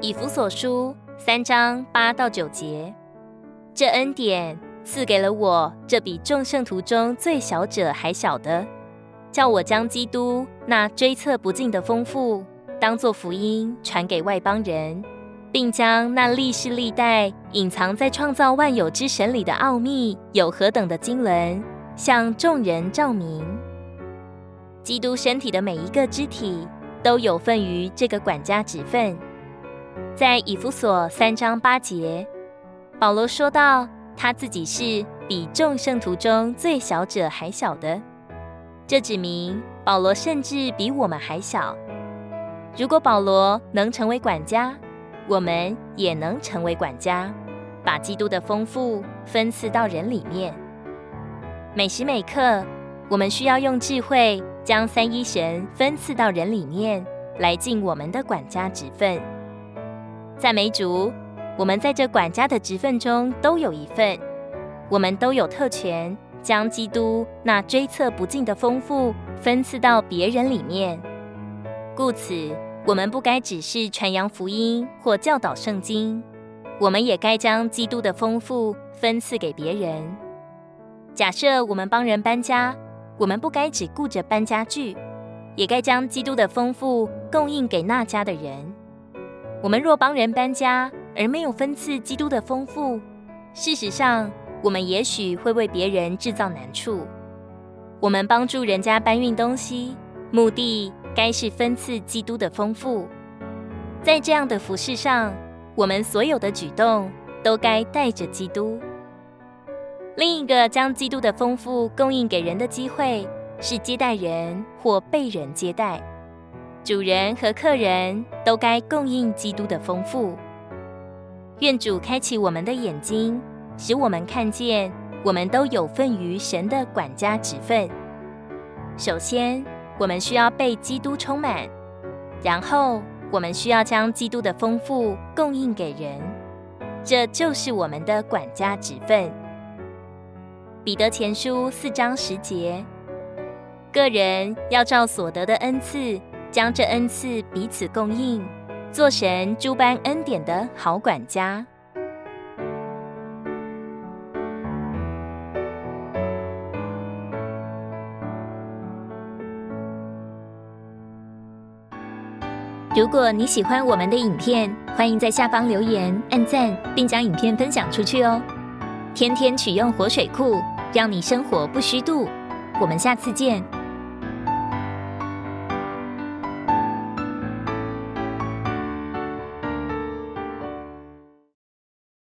以弗所書三章八到九節，這恩典賜給了我這比眾聖徒中最小者還小的，叫我將基督那追測不盡的豐富，當作福音傳給外邦人，並將那歷世歷代隱藏在創造萬有之神裡的奧秘，有何等的經綸，向眾人照明。基督身體的每一個肢體，都有份於這個管家職分，在以弗所三章八節，保羅說到他自己是比眾聖徒中最小者還小的，這指明保羅甚至比我們還小。如果保羅能成為管家，我們也能成為管家，把基督的豐富分賜到人裡面，每時每刻。我們需要用智慧將三一神分賜到人裡面，來盡我們的管家職分。在梅主，我們在這管家的職分中都有一份，我們都有特權將基督那追測不盡的豐富分賜到別人裡面。故此，我們不該只是傳揚福音或教導聖經，我們也該將基督的豐富分賜給別人。假設我們幫人搬家。我們不該只顧着搬家具，也該將基督的豐富供應給那家的人。我們若幫人搬家而沒有分賜基督的豐富，事實上我們也許會為別人制造難處。我們幫助人家搬運東西，目的該是分賜基督的豐富。在這樣的服事上，我們所有的舉動都該帶着基督。另一個將基督的豐富供應給人的機會，是接待人或被人接待。主人和客人都該供應基督的豐富。願主開啟我們的眼睛，使我們看見，我們都有份於神的管家職分。首先，我們需要被基督充滿；然後，我們需要將基督的豐富供應給人。這就是我們的管家職分。彼得前書四章十節，各人要照所得的恩賜，將這恩賜彼此供應，作神諸般恩典的好管家。如果你喜歡我們的影片，歡迎在下方留言、按讚，並將影片分享出去哦！天天取用活水庫。讓你生活不虛度，我們下次見。